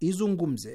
izungumze.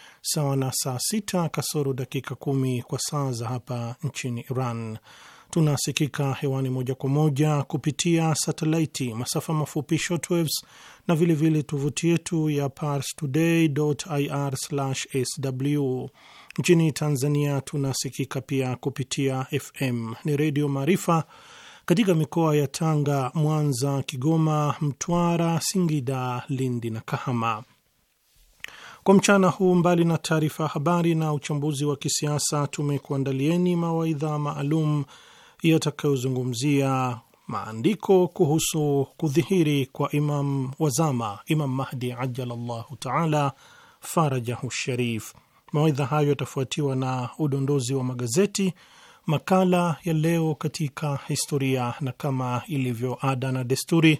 sawa na saa sita kasoro dakika kumi kwa saa za hapa nchini Iran. Tunasikika hewani moja kwa moja kupitia satelaiti, masafa mafupi shortwaves na vilevile tovuti yetu ya ir sw Nchini Tanzania tunasikika pia kupitia FM ni Redio Maarifa katika mikoa ya Tanga, Mwanza, Kigoma, Mtwara, Singida, Lindi na Kahama. Kwa mchana huu, mbali na taarifa ya habari na uchambuzi wa kisiasa, tumekuandalieni mawaidha maalum yatakayozungumzia maandiko kuhusu kudhihiri kwa Imam wazama, Imam Mahdi ajalallahu taala farajahu sharif. Mawaidha hayo yatafuatiwa na udondozi wa magazeti, makala ya leo katika historia, na kama ilivyo ada na desturi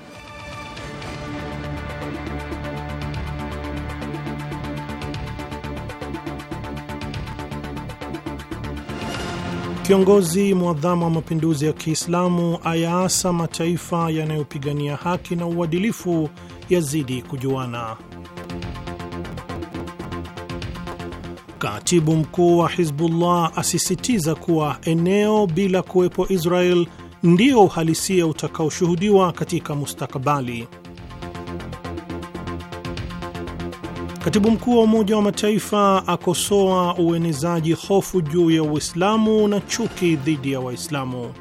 Kiongozi mwadhamu wa mapinduzi ya Kiislamu ayaasa mataifa yanayopigania haki na uadilifu yazidi kujuana. Katibu mkuu wa Hizbullah asisitiza kuwa eneo bila kuwepo Israel ndio uhalisia utakaoshuhudiwa katika mustakabali. Katibu mkuu wa Umoja wa Mataifa akosoa uenezaji hofu juu ya Uislamu na chuki dhidi ya Waislamu.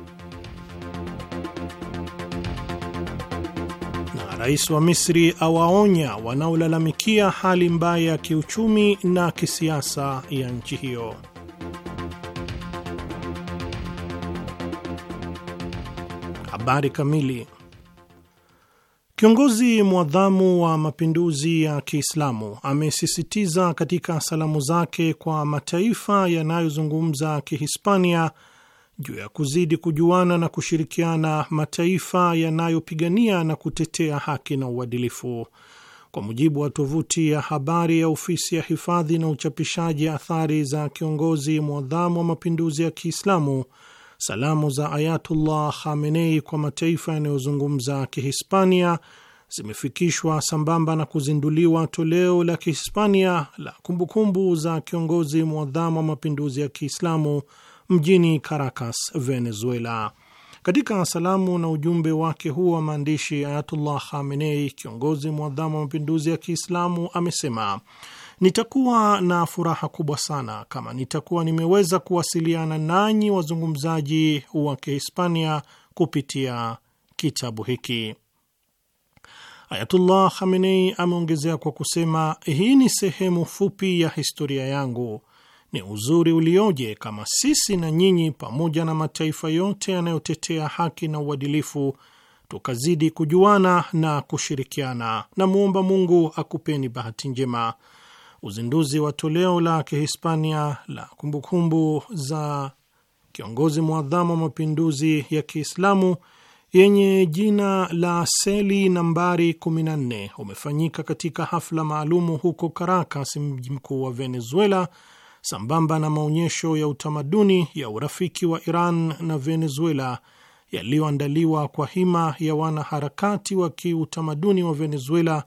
Na rais wa Misri awaonya wanaolalamikia hali mbaya ya kiuchumi na kisiasa ya nchi hiyo. Habari kamili Kiongozi mwadhamu wa mapinduzi ya Kiislamu amesisitiza katika salamu zake kwa mataifa yanayozungumza Kihispania juu ya kuzidi kujuana na kushirikiana mataifa yanayopigania na kutetea haki na uadilifu. Kwa mujibu wa tovuti ya habari ya ofisi ya hifadhi na uchapishaji athari za kiongozi mwadhamu wa mapinduzi ya Kiislamu Salamu za Ayatullah Khamenei kwa mataifa yanayozungumza Kihispania zimefikishwa sambamba na kuzinduliwa toleo la Kihispania la kumbukumbu kumbu za kiongozi mwadhamu wa mapinduzi ya Kiislamu mjini Caracas, Venezuela. Katika salamu na ujumbe wake huo wa maandishi, Ayatullah Khamenei, kiongozi mwadhamu wa mapinduzi ya Kiislamu, amesema Nitakuwa na furaha kubwa sana kama nitakuwa nimeweza kuwasiliana nanyi wazungumzaji wa Kihispania kupitia kitabu hiki. Ayatullah Khamenei ameongezea kwa kusema, hii ni sehemu fupi ya historia yangu. Ni uzuri ulioje kama sisi na nyinyi pamoja na mataifa yote yanayotetea haki na uadilifu tukazidi kujuana na kushirikiana. Namwomba Mungu akupeni bahati njema. Uzinduzi wa toleo la Kihispania la kumbukumbu kumbu za kiongozi mwadhamu wa mapinduzi ya Kiislamu yenye jina la seli nambari 14 umefanyika katika hafla maalumu huko Caracas, mji mkuu wa Venezuela, sambamba na maonyesho ya utamaduni ya urafiki wa Iran na Venezuela yaliyoandaliwa kwa hima ya wanaharakati wa kiutamaduni wa Venezuela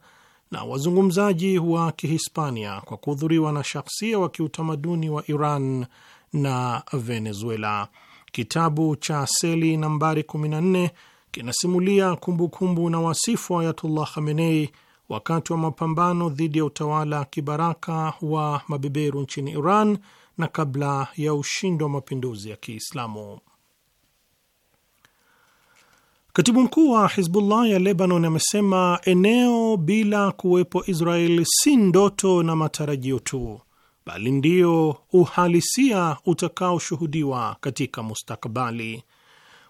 na wazungumzaji wa Kihispania kwa kuhudhuriwa na shakhsia wa kiutamaduni wa Iran na Venezuela. Kitabu cha seli nambari 14 kinasimulia kumbukumbu kumbu na wasifu wa Ayatullah Khamenei wakati wa mapambano dhidi ya utawala kibaraka wa mabeberu nchini Iran na kabla ya ushindi wa mapinduzi ya Kiislamu. Katibu mkuu wa Hizbullah ya Lebanon amesema eneo bila kuwepo Israel si ndoto na matarajio tu, bali ndiyo uhalisia utakaoshuhudiwa katika mustakbali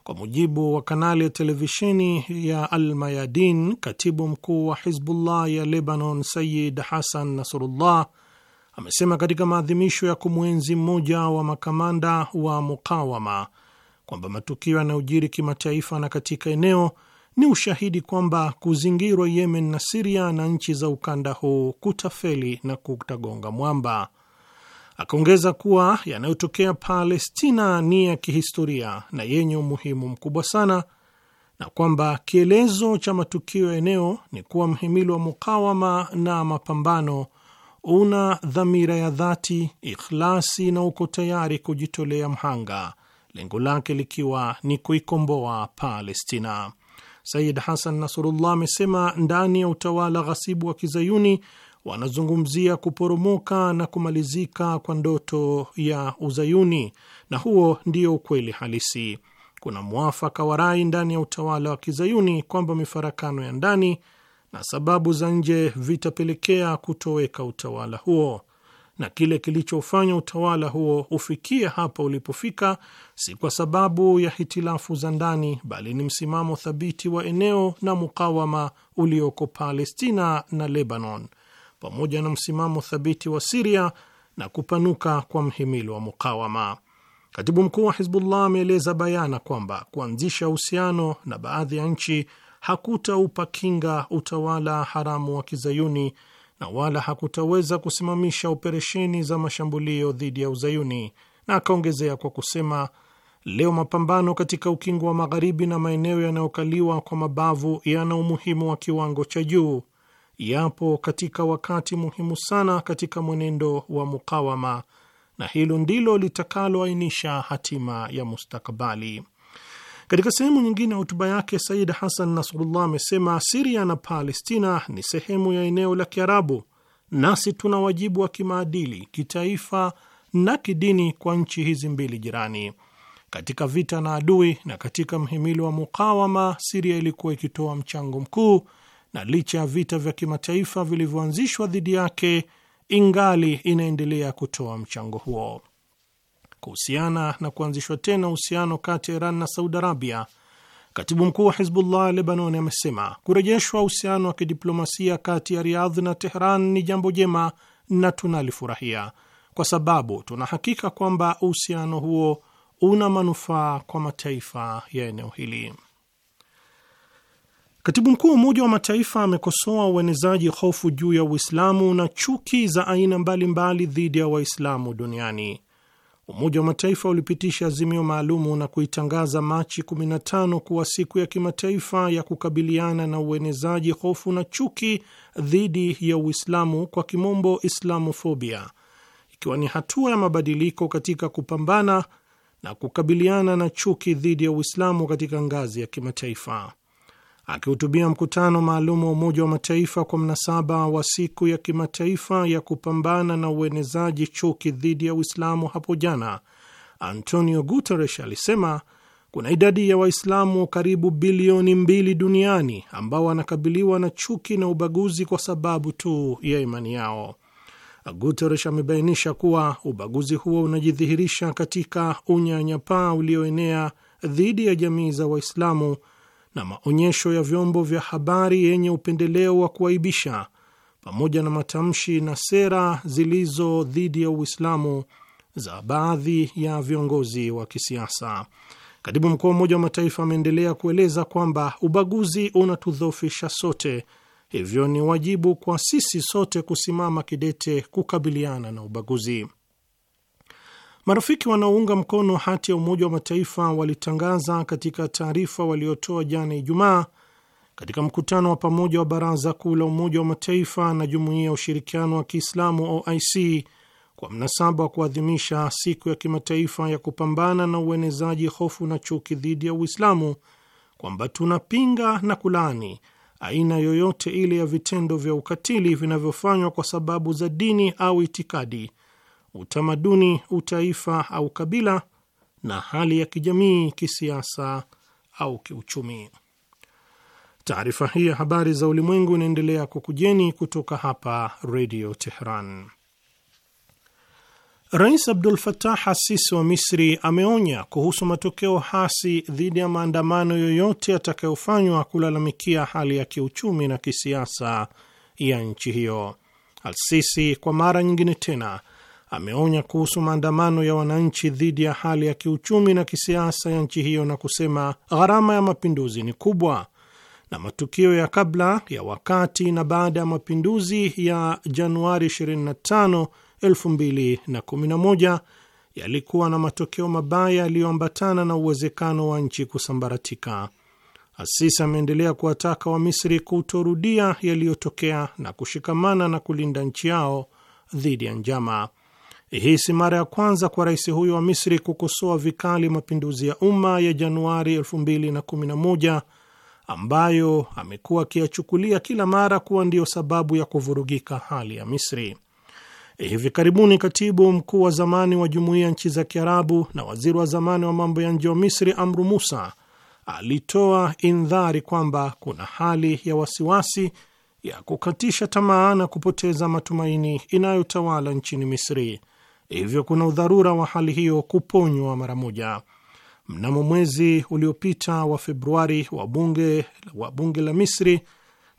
Kwa mujibu wa kanali ya televisheni ya Almayadin, katibu mkuu wa Hizbullah ya Lebanon Sayid Hasan Nasrullah amesema katika maadhimisho ya kumwenzi mmoja wa makamanda wa mukawama kwamba matukio yanayojiri kimataifa na katika eneo ni ushahidi kwamba kuzingirwa Yemen na Siria na nchi za ukanda huu kutafeli na kutagonga mwamba. Akaongeza kuwa yanayotokea Palestina ni ya kihistoria na yenye umuhimu mkubwa sana, na kwamba kielezo cha matukio ya eneo ni kuwa mhimili wa mukawama na mapambano una dhamira ya dhati, ikhlasi na uko tayari kujitolea mhanga lengo lake likiwa ni kuikomboa Palestina. Sayid Hasan Nasrullah amesema ndani ya utawala ghasibu wa kizayuni wanazungumzia kuporomoka na kumalizika kwa ndoto ya uzayuni, na huo ndio ukweli halisi. Kuna mwafaka wa rai ndani ya utawala wa kizayuni kwamba mifarakano ya ndani na sababu za nje vitapelekea kutoweka utawala huo na kile kilichofanya utawala huo ufikie hapa ulipofika si kwa sababu ya hitilafu za ndani, bali ni msimamo thabiti wa eneo na mukawama ulioko Palestina na Lebanon, pamoja na msimamo thabiti wa Siria na kupanuka kwa mhimili wa mukawama. Katibu mkuu wa Hizbullah ameeleza bayana kwamba kuanzisha uhusiano na baadhi ya nchi hakutaupa kinga utawala haramu wa kizayuni na wala hakutaweza kusimamisha operesheni za mashambulio dhidi ya Uzayuni, na akaongezea kwa kusema leo mapambano katika ukingo wa Magharibi na maeneo yanayokaliwa kwa mabavu yana umuhimu wa kiwango cha juu, yapo katika wakati muhimu sana katika mwenendo wa mukawama, na hilo ndilo litakaloainisha hatima ya mustakabali. Katika sehemu nyingine ya hotuba yake, Said hasan Nasrullah amesema Siria na Palestina ni sehemu ya eneo la Kiarabu, nasi tuna wajibu wa kimaadili, kitaifa na kidini kwa nchi hizi mbili jirani katika vita na adui na katika mhimili wa mukawama, Siria ilikuwa ikitoa mchango mkuu, na licha ya vita vya kimataifa vilivyoanzishwa dhidi yake, ingali inaendelea kutoa mchango huo kuhusiana na kuanzishwa tena uhusiano kati ya Iran na Saudi Arabia, katibu mkuu wa Hizbullah Lebanon amesema kurejeshwa uhusiano wa kidiplomasia kati ya Riadh na Tehran ni jambo jema na tunalifurahia kwa sababu tunahakika kwamba uhusiano huo una manufaa kwa mataifa ya eneo hili. Katibu mkuu wa Umoja wa Mataifa amekosoa uenezaji hofu juu ya Uislamu na chuki za aina mbalimbali dhidi ya Waislamu duniani. Umoja wa Mataifa ulipitisha azimio maalumu na kuitangaza Machi 15 kuwa siku ya kimataifa ya kukabiliana na uenezaji hofu na chuki dhidi ya Uislamu, kwa kimombo Islamofobia, ikiwa ni hatua ya mabadiliko katika kupambana na kukabiliana na chuki dhidi ya Uislamu katika ngazi ya kimataifa. Akihutubia mkutano maalum wa Umoja wa Mataifa kwa mnasaba wa siku ya kimataifa ya kupambana na uenezaji chuki dhidi ya Uislamu hapo jana, Antonio Guterres alisema kuna idadi ya Waislamu karibu bilioni mbili duniani ambao wanakabiliwa na chuki na ubaguzi kwa sababu tu ya imani yao. Guterres amebainisha kuwa ubaguzi huo unajidhihirisha katika unyanyapaa ulioenea dhidi ya jamii za Waislamu na maonyesho ya vyombo vya habari yenye upendeleo wa kuaibisha pamoja na matamshi na sera zilizo dhidi ya Uislamu za baadhi ya viongozi wa kisiasa. Katibu mkuu wa Umoja wa Mataifa ameendelea kueleza kwamba ubaguzi unatudhofisha sote, hivyo ni wajibu kwa sisi sote kusimama kidete kukabiliana na ubaguzi. Marafiki wanaounga mkono hati ya Umoja wa Mataifa walitangaza katika taarifa waliotoa jana Ijumaa katika mkutano wa pamoja wa Baraza Kuu la Umoja wa Mataifa na Jumuiya ya Ushirikiano wa Kiislamu OIC kwa mnasaba wa kuadhimisha siku ya kimataifa ya kupambana na uenezaji hofu na chuki dhidi ya Uislamu kwamba tunapinga na kulaani aina yoyote ile ya vitendo vya ukatili vinavyofanywa kwa sababu za dini au itikadi utamaduni, utaifa au kabila na hali ya kijamii, kisiasa au kiuchumi. Taarifa hii ya habari za ulimwengu inaendelea kukujeni kutoka hapa Redio Tehran. Rais Abdul fatah assisi wa Misri ameonya kuhusu matokeo hasi dhidi ya maandamano yoyote yatakayofanywa kulalamikia hali ya kiuchumi na kisiasa ya nchi hiyo. Alsisi kwa mara nyingine tena ameonya kuhusu maandamano ya wananchi dhidi ya hali ya kiuchumi na kisiasa ya nchi hiyo na kusema gharama ya mapinduzi ni kubwa na matukio ya kabla ya wakati na baada ya mapinduzi ya Januari 25, 2011 yalikuwa na matokeo mabaya yaliyoambatana na uwezekano wa nchi kusambaratika. Asisi ameendelea kuwataka Wamisri kutorudia yaliyotokea na kushikamana na kulinda nchi yao dhidi ya njama. Hii si mara ya kwanza kwa rais huyo wa Misri kukosoa vikali mapinduzi ya umma ya Januari 2011 ambayo amekuwa akiyachukulia kila mara kuwa ndiyo sababu ya kuvurugika hali ya Misri. Hivi karibuni katibu mkuu wa zamani wa jumuiya nchi za Kiarabu na waziri wa zamani wa mambo ya nje wa Misri Amru Musa alitoa indhari kwamba kuna hali ya wasiwasi ya kukatisha tamaa na kupoteza matumaini inayotawala nchini Misri hivyo kuna udharura wa hali hiyo kuponywa mara moja. Mnamo mwezi uliopita wa Februari, wabunge wa bunge la Misri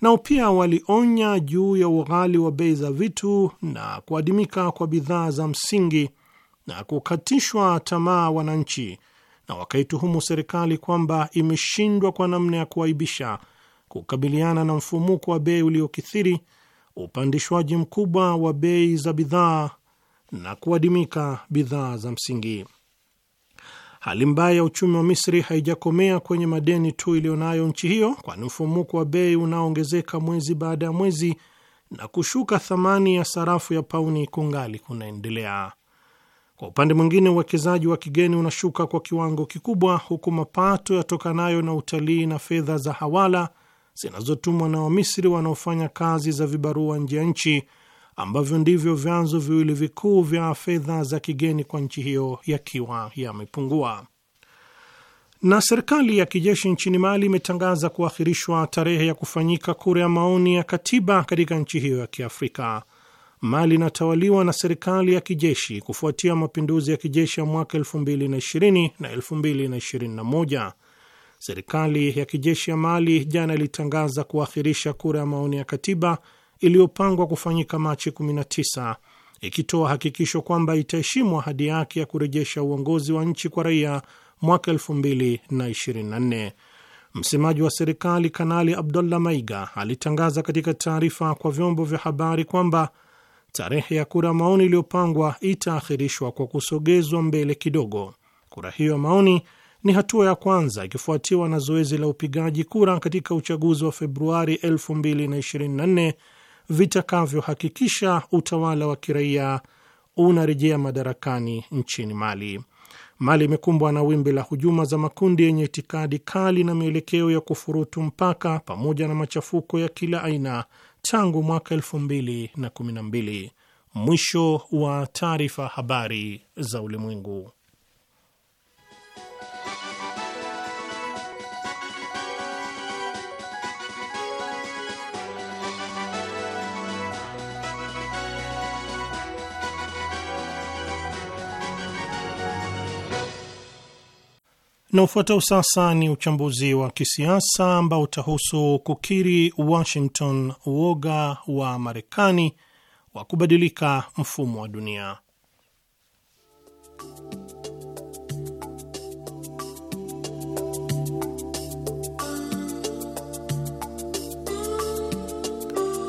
nao pia walionya juu ya ughali wa bei za vitu na kuadimika kwa bidhaa za msingi na kukatishwa tamaa wananchi, na wakaituhumu serikali kwamba imeshindwa kwa namna ya kuaibisha kukabiliana na mfumuko wa bei uliokithiri, upandishwaji mkubwa wa bei za bidhaa na kuadimika bidhaa za msingi. Hali mbaya ya uchumi wa Misri haijakomea kwenye madeni tu iliyonayo nchi hiyo, kwani mfumuko wa bei unaoongezeka mwezi baada ya mwezi na kushuka thamani ya sarafu ya pauni kungali kunaendelea. Kwa upande mwingine, uwekezaji wa kigeni unashuka kwa kiwango kikubwa, huku mapato yatokanayo na utalii na fedha za hawala zinazotumwa na Wamisri wanaofanya kazi za vibarua nje ya nchi ambavyo ndivyo vyanzo viwili vikuu vya fedha za kigeni kwa nchi hiyo yakiwa yamepungua. Na serikali ya kijeshi nchini Mali imetangaza kuahirishwa tarehe ya kufanyika kura ya maoni ya katiba katika nchi hiyo ya Kiafrika. Mali inatawaliwa na serikali ya kijeshi kufuatia mapinduzi ya kijeshi ya mwaka 2020 na 2021. Serikali ya kijeshi ya Mali jana ilitangaza kuahirisha kura ya maoni ya katiba iliyopangwa kufanyika Machi 19 ikitoa hakikisho kwamba itaheshimu ahadi yake ya kurejesha uongozi wa nchi kwa raia mwaka 2024. Msemaji wa serikali Kanali Abdullah Maiga alitangaza katika taarifa kwa vyombo vya habari kwamba tarehe ya kura maoni iliyopangwa itaahirishwa kwa kusogezwa mbele kidogo. Kura hiyo ya maoni ni hatua ya kwanza ikifuatiwa na zoezi la upigaji kura katika uchaguzi wa Februari 2024 vitakavyohakikisha utawala wa kiraia unarejea madarakani nchini Mali. Mali imekumbwa na wimbi la hujuma za makundi yenye itikadi kali na mielekeo ya kufurutu mpaka pamoja na machafuko ya kila aina tangu mwaka mbili. Mwisho wa taarifa. Habari za Ulimwengu. Na ufuatao sasa ni uchambuzi wa kisiasa ambao utahusu kukiri Washington uoga wa Marekani wa kubadilika mfumo wa dunia.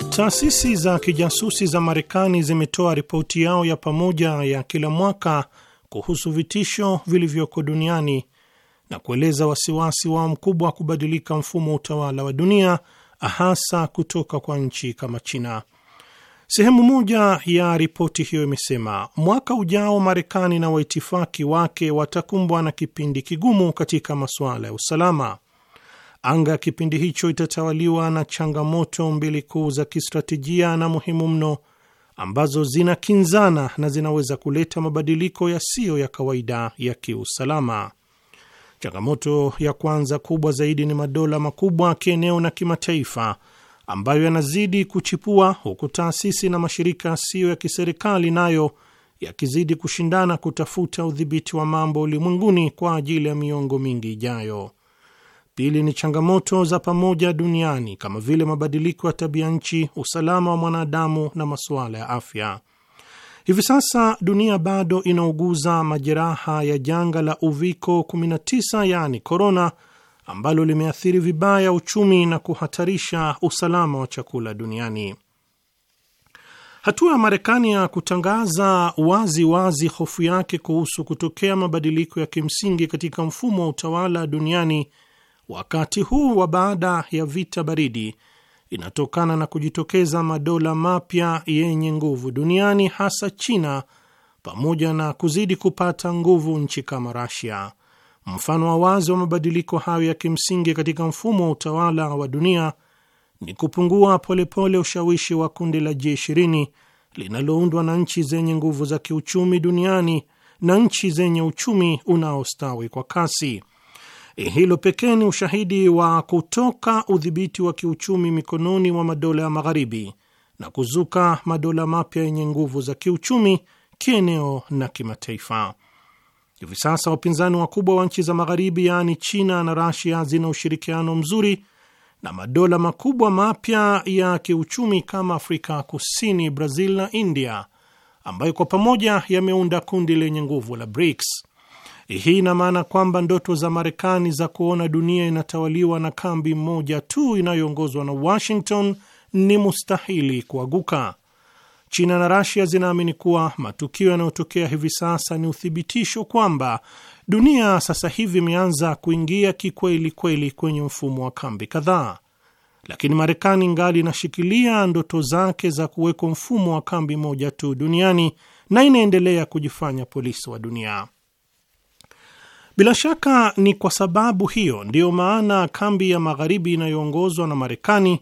Taasisi za kijasusi za Marekani zimetoa ripoti yao ya pamoja ya kila mwaka kuhusu vitisho vilivyoko duniani na kueleza wasiwasi wao mkubwa wa kubadilika mfumo wa utawala wa dunia hasa kutoka kwa nchi kama China. Sehemu moja ya ripoti hiyo imesema mwaka ujao Marekani na waitifaki wake watakumbwa na kipindi kigumu katika masuala ya usalama. Anga ya kipindi hicho itatawaliwa na changamoto mbili kuu za kistratejia na muhimu mno ambazo zinakinzana na zinaweza kuleta mabadiliko yasiyo ya kawaida ya kiusalama. Changamoto ya kwanza kubwa zaidi ni madola makubwa kieneo na kimataifa ambayo yanazidi kuchipua huku taasisi na mashirika yasiyo ya kiserikali nayo yakizidi kushindana kutafuta udhibiti wa mambo ulimwenguni kwa ajili ya miongo mingi ijayo. Pili ni changamoto za pamoja duniani kama vile mabadiliko ya tabia nchi, usalama wa mwanadamu na masuala ya afya. Hivi sasa dunia bado inauguza majeraha ya janga la uviko 19, yaani korona, ambalo limeathiri vibaya uchumi na kuhatarisha usalama wa chakula duniani. Hatua ya Marekani ya kutangaza wazi wazi hofu yake kuhusu kutokea mabadiliko ya kimsingi katika mfumo wa utawala duniani wakati huu wa baada ya vita baridi inatokana na kujitokeza madola mapya yenye nguvu duniani hasa China pamoja na kuzidi kupata nguvu nchi kama rasia Mfano wa wazi wa mabadiliko hayo ya kimsingi katika mfumo wa utawala wa dunia ni kupungua polepole pole ushawishi wa kundi la G20 linaloundwa na nchi zenye nguvu za kiuchumi duniani na nchi zenye uchumi unaostawi kwa kasi. Eh, hilo pekee ni ushahidi wa kutoka udhibiti wa kiuchumi mikononi mwa madola ya Magharibi na kuzuka madola mapya yenye nguvu za kiuchumi kieneo na kimataifa. Hivi sasa wapinzani wakubwa wa nchi za Magharibi, yaani China na Rasia, zina ushirikiano mzuri na madola makubwa mapya ya kiuchumi kama Afrika Kusini, Brazil na India, ambayo kwa pamoja yameunda kundi lenye nguvu la BRICS. Eh, hii ina maana kwamba ndoto za Marekani za kuona dunia inatawaliwa na kambi moja tu inayoongozwa na Washington ni mustahili kuaguka. China na Rasia zinaamini kuwa matukio yanayotokea hivi sasa ni uthibitisho kwamba dunia sasa hivi imeanza kuingia kikweli kweli kwenye mfumo wa kambi kadhaa, lakini Marekani ngali inashikilia ndoto zake za kuwekwa mfumo wa kambi moja tu duniani na inaendelea kujifanya polisi wa dunia. Bila shaka ni kwa sababu hiyo ndiyo maana kambi ya magharibi inayoongozwa na Marekani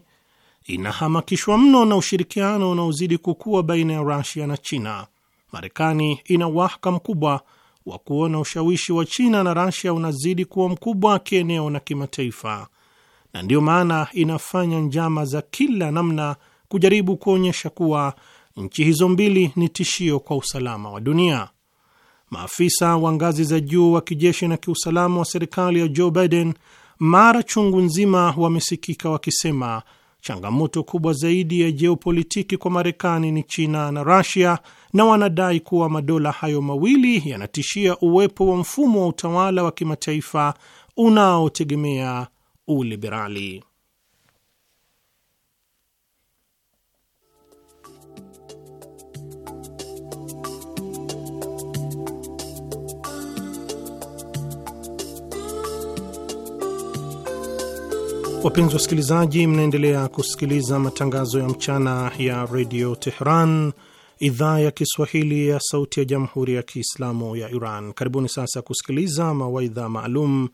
inahamakishwa mno na ushirikiano unaozidi kukua baina ya Rusia na China. Marekani ina wahaka mkubwa wa kuona ushawishi wa China na Rusia unazidi kuwa mkubwa kieneo na kimataifa, na ndiyo maana inafanya njama za kila namna kujaribu kuonyesha kuwa nchi hizo mbili ni tishio kwa usalama wa dunia. Maafisa wa ngazi za juu wa kijeshi na kiusalama wa serikali ya Joe Biden mara chungu nzima wamesikika wakisema changamoto kubwa zaidi ya jeopolitiki kwa Marekani ni China na Rasia, na wanadai kuwa madola hayo mawili yanatishia uwepo wa mfumo wa utawala wa kimataifa unaotegemea uliberali. Wapenzi wasikilizaji, mnaendelea kusikiliza matangazo ya mchana ya redio Tehran, idhaa ya Kiswahili ya sauti ya jamhuri ya Kiislamu ya Iran. Karibuni sasa kusikiliza mawaidha maalum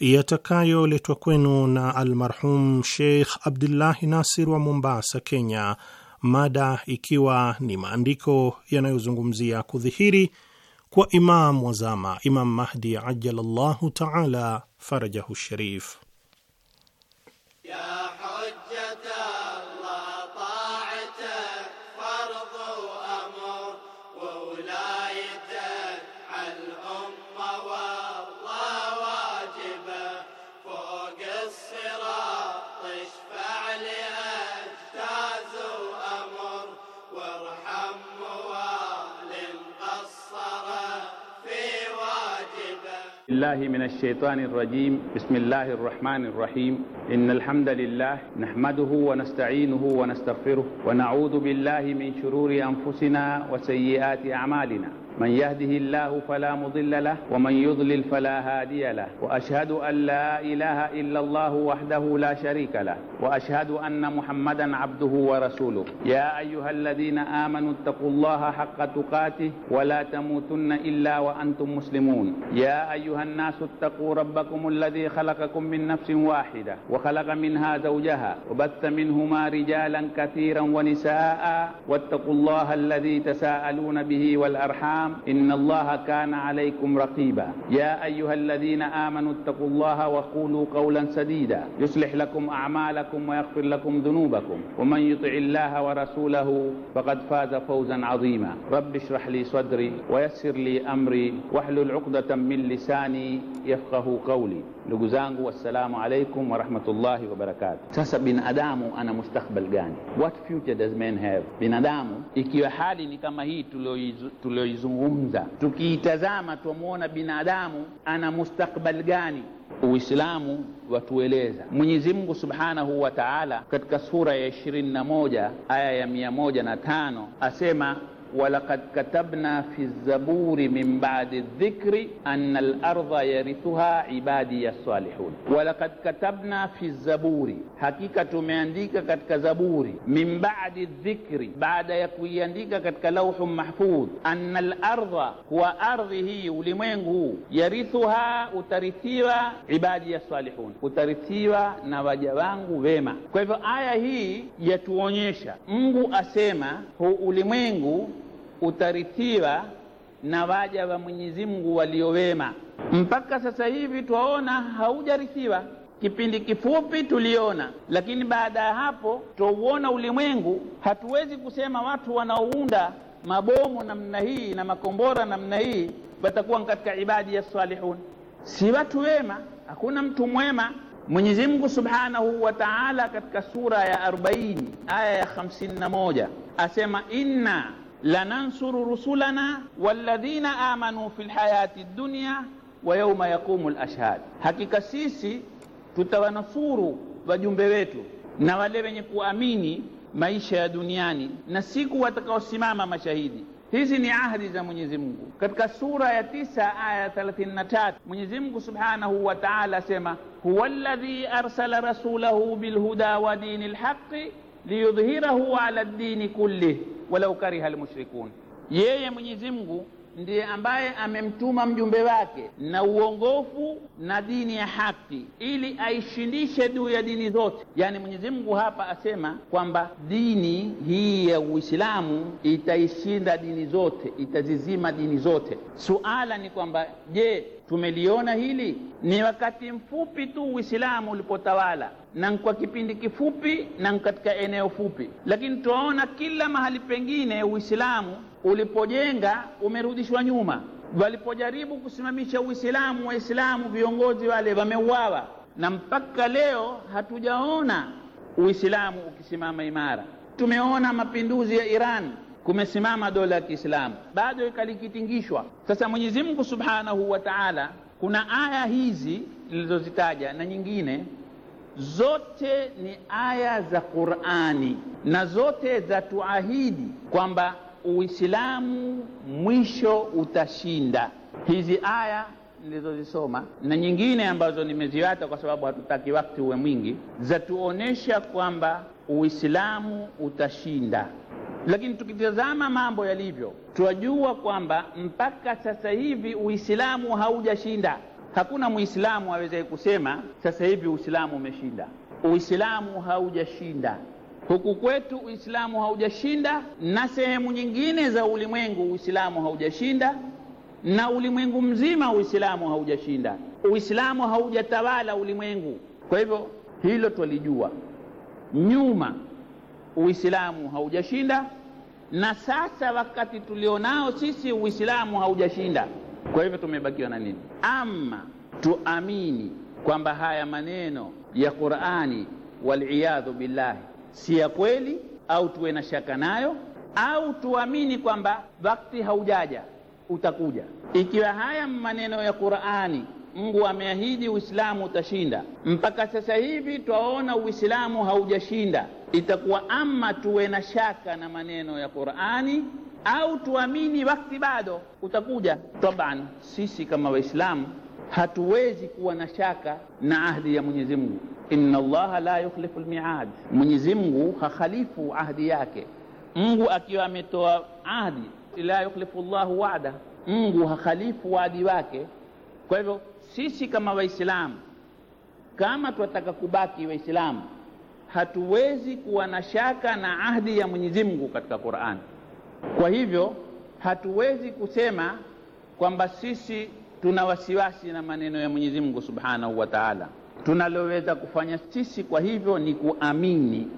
yatakayoletwa kwenu na almarhum Sheikh Abdullahi Nasir wa Mombasa, Kenya, mada ikiwa ni maandiko yanayozungumzia kudhihiri kwa Imam wazama Imam Mahdi ajalallahu taala farajahu sharif. يا حجة بالله من الشيطان الرجيم بسم الله الرحمن الرحيم إن الحمد لله نحمده ونستعينه ونستغفره ونعوذ بالله من شرور أنفسنا وسيئات أعمالنا من يهده الله فلا مضل له ومن يضلل فلا هادي له وأشهد أن لا إله إلا الله وحده لا شريك له وأشهد أن محمدا عبده ورسوله يا أيها الذين آمنوا اتقوا الله حق تقاته ولا تموتن إلا وأنتم مسلمون يا أيها الناس اتقوا ربكم الذي خلقكم من نفس واحدة وخلق منها زوجها وبث منهما رجالا كثيرا ونساء واتقوا الله الذي تساءلون به والأرحام والأنعام إن الله كان عليكم رقيبا يا أيها الذين آمنوا اتقوا الله وقولوا قولا سديدا يصلح لكم أعمالكم ويغفر لكم ذنوبكم ومن يطع الله ورسوله فقد فاز فوزا عظيما رب اشرح لي صدري ويسر لي أمري واحلل عقدة من لساني يفقه قولي Ndugu zangu, wassalamu alaikum warahmatullahi wabarakatu Sasa binadamu ana mustakbal gani? What future does man have? Binadamu ikiwa hali ni kama hii tulioizungumza, tukiitazama twamwona binadamu ana mustakbal gani? Uislamu watueleza Mwenyezi Mungu subhanahu wa taala katika sura ya 21 aya ya 105 asema ولقد كتبنا في الزبور من بعد الذكر أن الأرض يرثها عبادي الصالحون ولقد كتبنا في الزبور حقيقة تميانديك كتك زبور من بعد الذكر بعد يكويانديك كتك لوح محفوظ أن الأرض وأرضه ولمينه يرثها وترثيها عبادي الصالحون وترثيها نواجبانه بما كيف آية هي hii مغو أسيما هو huu utarithiwa na waja wa Mwenyezi Mungu waliowema. Mpaka sasa hivi twaona haujarithiwa, kipindi kifupi tuliona, lakini baada ya hapo twauona ulimwengu. Hatuwezi kusema watu wanaounda mabomu namna hii na makombora namna hii watakuwa katika ibadi ya salihun, si watu wema. Hakuna mtu mwema. Mwenyezi Mungu Subhanahu wa Ta'ala katika sura ya 40 aya ya 51 asema inna lanansuru rusulana walladhina amanu fi lhayati dunya wa yauma yaqumu lashhad, hakika sisi tutawanusuru wajumbe wetu na wale wenye kuamini maisha ya duniani na siku watakaosimama mashahidi. Hizi ni ahadi za Mwenyezi Mungu. Katika sura ya tisa aya ya 33 Mwenyezi Mungu subhanahu wa taala asema, huwa alladhi arsala rasulahu bilhuda wa dini lhaqi ليظهره على الدين كله ولو كره المشركون يا يا منيزمغو ndiye ambaye amemtuma mjumbe wake na uongofu na dini ya haki ili aishindishe juu ya dini zote. Yani Mwenyezi Mungu hapa asema kwamba dini hii ya Uislamu itaishinda dini zote, itazizima dini zote. Suala ni kwamba je, tumeliona hili? Ni wakati mfupi tu Uislamu ulipotawala na kwa kipindi kifupi na katika eneo fupi, lakini tunaona kila mahali pengine Uislamu ulipojenga umerudishwa nyuma. Walipojaribu kusimamisha Uislamu, Waislamu viongozi wale wameuawa, na mpaka leo hatujaona Uislamu ukisimama imara. Tumeona mapinduzi ya Iran, kumesimama dola ya Kiislamu, bado ikalikitingishwa. Sasa Mwenyezi Mungu Subhanahu wa Ta'ala, kuna aya hizi nilizozitaja na nyingine zote ni aya za Qur'ani na zote za tuahidi kwamba Uislamu mwisho utashinda. Hizi aya nilizozisoma na nyingine ambazo nimeziwata kwa sababu hatutaki wakati uwe mwingi, zatuonesha kwamba Uislamu utashinda. Lakini tukitazama mambo yalivyo, twajua kwamba mpaka sasa hivi Uislamu haujashinda. Hakuna Muislamu aweze kusema sasa hivi Uislamu umeshinda. Uislamu haujashinda. Huku kwetu Uislamu haujashinda, na sehemu nyingine za ulimwengu Uislamu haujashinda, na ulimwengu mzima Uislamu haujashinda. Uislamu haujatawala ulimwengu. Kwa hivyo hilo twalijua nyuma, Uislamu haujashinda, na sasa wakati tulionao sisi Uislamu haujashinda. Kwa hivyo tumebakiwa na nini? Ama tuamini kwamba haya maneno ya Qur'ani, waliyadhu billahi si ya kweli, au tuwe na shaka nayo, au tuamini kwamba wakati haujaja utakuja. Ikiwa haya maneno ya Qur'ani, Mungu ameahidi Uislamu utashinda, mpaka sasa hivi twaona Uislamu haujashinda, itakuwa ama tuwe na shaka na maneno ya Qur'ani au tuamini wakati bado utakuja. Taban, sisi kama Waislamu hatuwezi kuwa na shaka na ahdi ya Mwenyezi Mungu inna llaha la yukhlifu lmiad, Mwenyezi Mungu hakhalifu ahadi yake. Mungu akiwa ametoa ahadi, la yukhlifu llahu wada, Mungu hakhalifu waadi wake. Kwa hivyo sisi kama Waislamu, kama twataka kubaki Waislamu, hatuwezi kuwa na shaka na ahadi ya Mwenyezi Mungu katika Qur'an. Kwa hivyo hatuwezi kusema kwamba sisi tuna wasiwasi na maneno ya Mwenyezi Mungu Subhanahu wa Ta'ala. Tunaloweza kufanya sisi kwa hivyo ni kuamini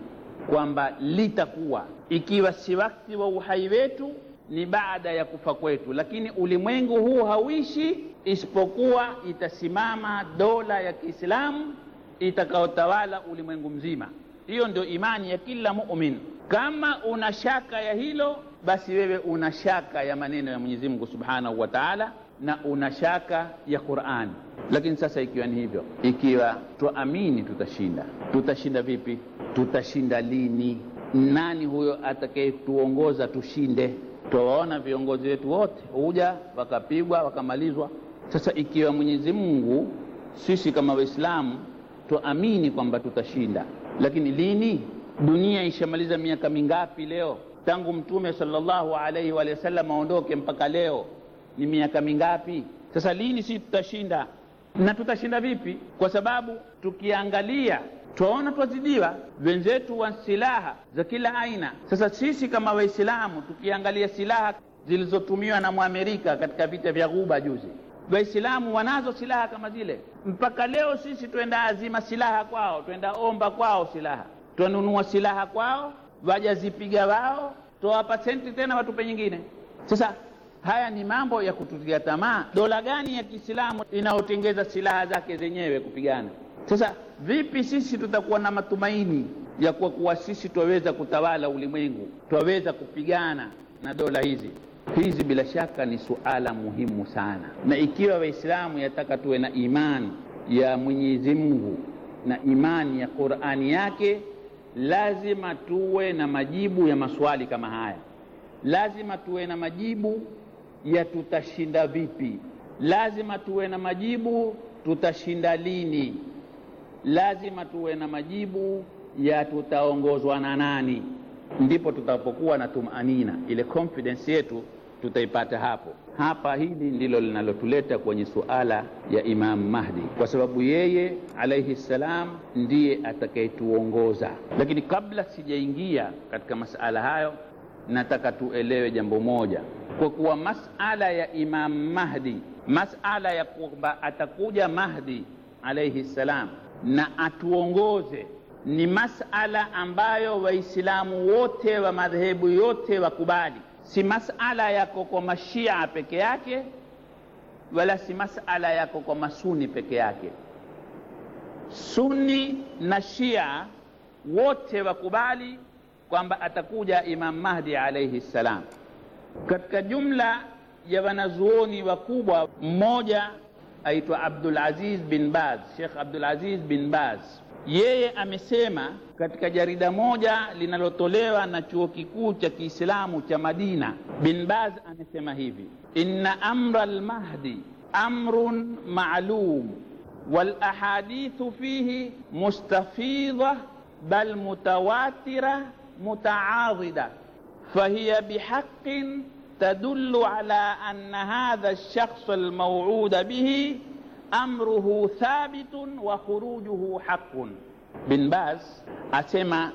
kwamba litakuwa, ikiwa si wakati wa uhai wetu ni baada ya kufa kwetu, lakini ulimwengu huu hauishi isipokuwa itasimama dola ya Kiislamu itakayotawala ulimwengu mzima. Hiyo ndio imani ya kila muumini. Kama una shaka ya hilo, basi wewe una shaka ya maneno ya Mwenyezi Mungu Subhanahu wa Ta'ala na una shaka ya Qur'an. Lakini sasa ikiwa ni hivyo, ikiwa tuamini, tutashinda. Tutashinda vipi? Tutashinda lini? Nani huyo atakayetuongoza tushinde? Twawaona viongozi wetu wote huja wakapigwa wakamalizwa. Sasa ikiwa Mwenyezi Mungu, sisi kama Waislamu tuamini kwamba tutashinda, lakini lini? Dunia ishamaliza miaka mingapi leo tangu Mtume sallallahu alaihi wa sallam aondoke mpaka leo? ni miaka mingapi? Sasa lini sisi tutashinda? Na tutashinda vipi? Kwa sababu tukiangalia twaona twazidiwa, wenzetu wa silaha za kila aina. Sasa sisi kama Waislamu tukiangalia silaha zilizotumiwa na Mwamerika katika vita vya Ghuba juzi, Waislamu wanazo silaha kama zile mpaka leo. Sisi twenda azima silaha kwao, twenda omba kwao silaha, twanunua silaha kwao, wajazipiga wao, twawapa senti tena watupe nyingine. Sasa Haya ni mambo ya kututia tamaa. Dola gani ya Kiislamu inayotengeza silaha zake zenyewe kupigana? Sasa vipi sisi tutakuwa na matumaini ya kuwa kuwa sisi twaweza kutawala ulimwengu, twaweza kupigana na dola hizi hizi? Bila shaka ni suala muhimu sana, na ikiwa Waislamu yataka tuwe na imani ya Mwenyezi Mungu na imani ya Qur'ani yake, lazima tuwe na majibu ya maswali kama haya, lazima tuwe na majibu ya tutashinda vipi. Lazima tuwe na majibu tutashinda lini, lazima tuwe na majibu ya tutaongozwa na nani. Ndipo tutapokuwa na tumanina, ile confidence yetu tutaipata hapo hapa. Hili ndilo linalotuleta kwenye suala ya Imamu Mahdi, kwa sababu yeye alaihi ssalam ndiye atakayetuongoza. Lakini kabla sijaingia katika masala hayo nataka tuelewe jambo moja, kwa kuwa masala ya Imam Mahdi, masala ya kwamba atakuja Mahdi alaihi ssalam na atuongoze ni masala ambayo Waislamu wote wa madhehebu yote wakubali. Si masala yako kwa mashia peke yake, wala si masala yako kwa masuni peke yake. suni na shia wote wakubali kwamba atakuja Imam Mahdi alaihi ssalam. Katika jumla ya wanazuoni wakubwa, mmoja aitwa Abdul Aziz bin Baz, Sheikh Abdul Aziz bin Baz, yeye amesema katika jarida moja linalotolewa na chuo kikuu cha Kiislamu cha Madina, bin Baz amesema hivi: inna amra almahdi amrun ma'lum wal ahadithu fihi mustafidha bal mutawatira متعاضدة فهي بحق تدل على أن هذا الشخص الموعود به أمره ثابت وخروجه حق بن باز أسمى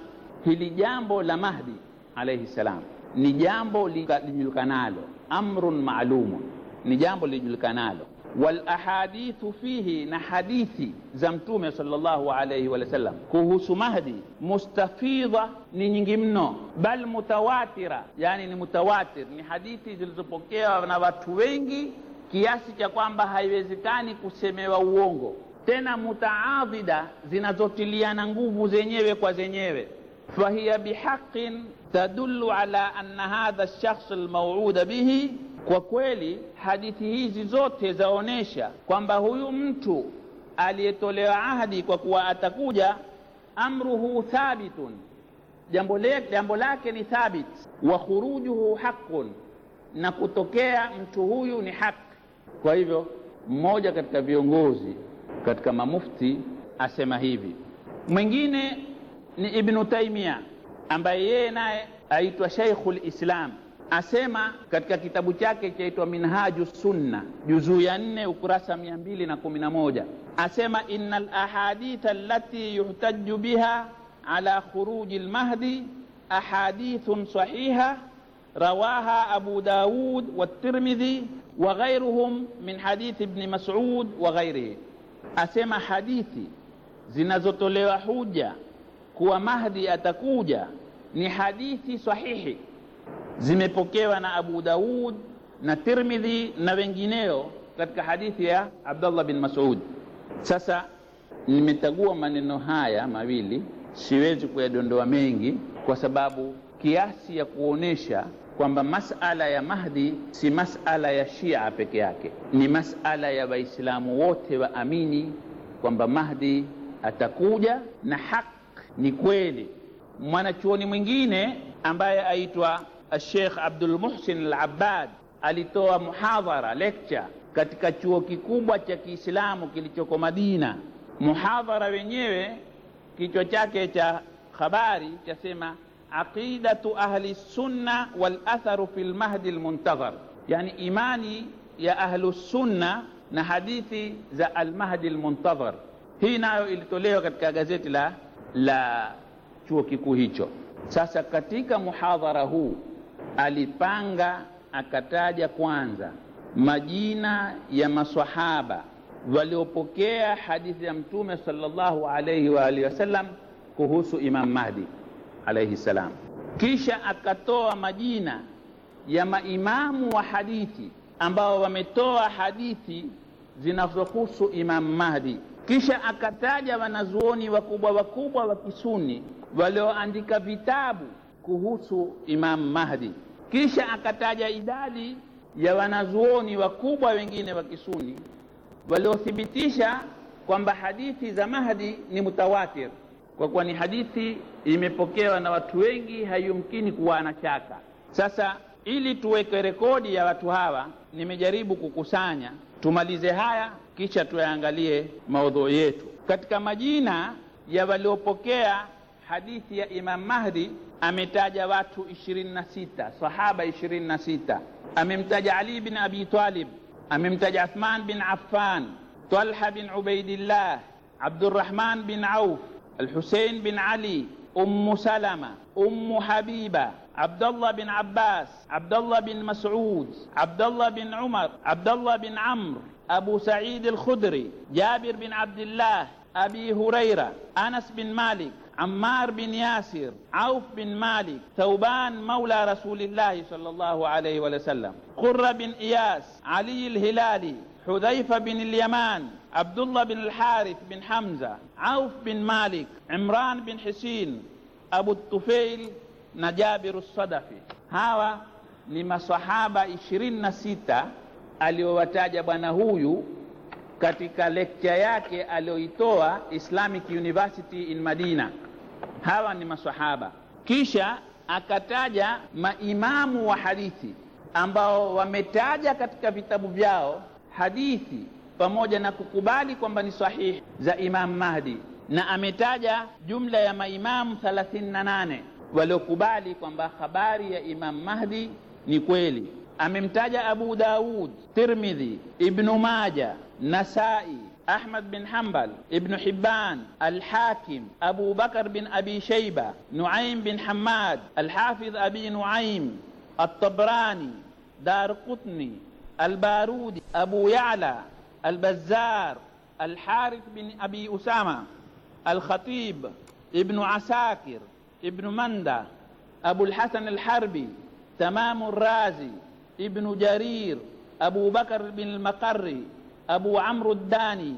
هلي جامبو لمهدي عليه السلام نجامبو لجلقناله أمر معلوم نجامبو لجلقناله walahadithu fihi, na hadithi za Mtume sallallahu alayhi wa sallam kuhusu Mahdi mustafidha ni nyingi mno, bal mutawatira, yani ni mutawatir, ni hadithi zilizopokewa na watu wengi kiasi cha kwamba haiwezekani kusemewa uongo, tena mutaadhida, zinazotiliana nguvu zenyewe kwa zenyewe. fahiya bihaqin tadullu ala anna hadha lshakhs lmauuda bihi kwa kweli hadithi hizi zote zaonesha kwamba huyu mtu aliyetolewa ahadi kwa kuwa atakuja, amruhu thabitun, jambo, jambo lake ni thabit, wa khurujuhu haqqun, na kutokea mtu huyu ni haki. Kwa hivyo mmoja katika viongozi katika mamufti asema hivi. Mwingine ni Ibnu Taimia ambaye yeye naye aitwa Sheikhul Islam asema katika kitabu chake chaitwa Minhaju Sunna juzuu ya nne ukurasa mia mbili na kumi na moja asema inna lahaditha allati yuhtaju biha ala khuruji lmahdi ahadithun sahiha rawaha Abu Dawud ghairuhum min hadithi حديث Mas'ud wa ghairihi, asema hadithi zinazotolewa huja kuwa mahdi atakuja ni hadithi sahihi zimepokewa na Abu Daud na Tirmidhi na wengineo katika hadithi ya Abdullah bin Mas'ud. Sasa nimetagua maneno haya mawili, siwezi kuyadondoa mengi kwa sababu kiasi ya kuonesha kwamba masala ya Mahdi si masala ya Shia peke yake, ni masala ya Waislamu wote waamini kwamba Mahdi atakuja na haki ni kweli. Mwanachuoni mwingine ambaye aitwa Sheikh Abdul Muhsin Al-Abbad alitoa muhadhara lecture katika chuo kikubwa cha Kiislamu kilichoko Madina. Muhadhara wenyewe kichwa chake cha habari chasema aqidatu ahli sunna wal atharu fil mahdi almuntazar, yani imani ya ahlu sunna na hadithi za almahdi almuntazar. Hii nayo ilitolewa katika gazeti la la chuo kikuu hicho. Sasa katika muhadhara huu alipanga akataja kwanza majina ya maswahaba waliopokea hadithi ya Mtume sallallahu alaihi wa alihi wasallam kuhusu Imam Mahdi alaihi salam, kisha akatoa majina ya maimamu wa hadithi ambao wametoa hadithi zinazohusu Imam Mahdi, kisha akataja wanazuoni wakubwa wakubwa wa Kisuni walioandika vitabu kuhusu Imam Mahdi, kisha akataja idadi ya wanazuoni wakubwa wengine wa Kisuni waliothibitisha kwamba hadithi za Mahdi ni mutawatir, kwa kuwa ni hadithi imepokewa na watu wengi, haiyumkini kuwa na shaka. Sasa ili tuweke rekodi ya watu hawa, nimejaribu kukusanya. Tumalize haya kisha tuyaangalie maudhui yetu. Katika majina ya waliopokea hadithi ya Imam Mahdi ametaja watu 26 sahaba 26 amemtaja ali bin abi talib amemtaja athman bin affan talha bin ubaidillah abdurrahman bin auf alhusein bin ali ummu salama ummu habiba عبد الله بن عباس عبد الله بن مسعود عبد الله بن عمر عبد الله بن عمرو أبو سعيد الخدري جابر بن عبد الله أبي هريرة أنس بن مالك عمار بن ياسر عوف بن مالك ثوبان مولى رسول الله صلى الله عليه وسلم قرة بن إياس علي الهلالي حذيفة بن اليمان عبد الله بن الحارث بن حمزة عوف بن مالك عمران بن حسين أبو الطفيل نجابر الصدفي هوا لما صحابة 26 تاج bwana هويو katika lecture yake aliyoitoa Islamic University in Madina. Hawa ni maswahaba, kisha akataja maimamu wa hadithi ambao wametaja katika vitabu vyao hadithi pamoja na kukubali kwamba ni sahihi za Imam Mahdi, na ametaja jumla ya maimamu 38 waliokubali kwamba habari ya Imam Mahdi ni kweli. amemtaja Abu Daud, Tirmidhi, Ibnu Maja, Nasai, Ahmad bin Hanbal, Ibnu Hibban, Al-Hakim, Abu Bakar bin Abi Shayba, Nuaim bin Hammad, Al-Hafiz Abi Nuaim, At-Tabrani, Dar Qutni, Al-Barudi, Abu Ya'la, Al-Bazzar, الحارث بن أبي أسامة الخطيب ابن عساكر ابن مندى أبو الحسن الحربي تمام الرازي ابن جرير أبو بكر بن المقري أبو عمرو الداني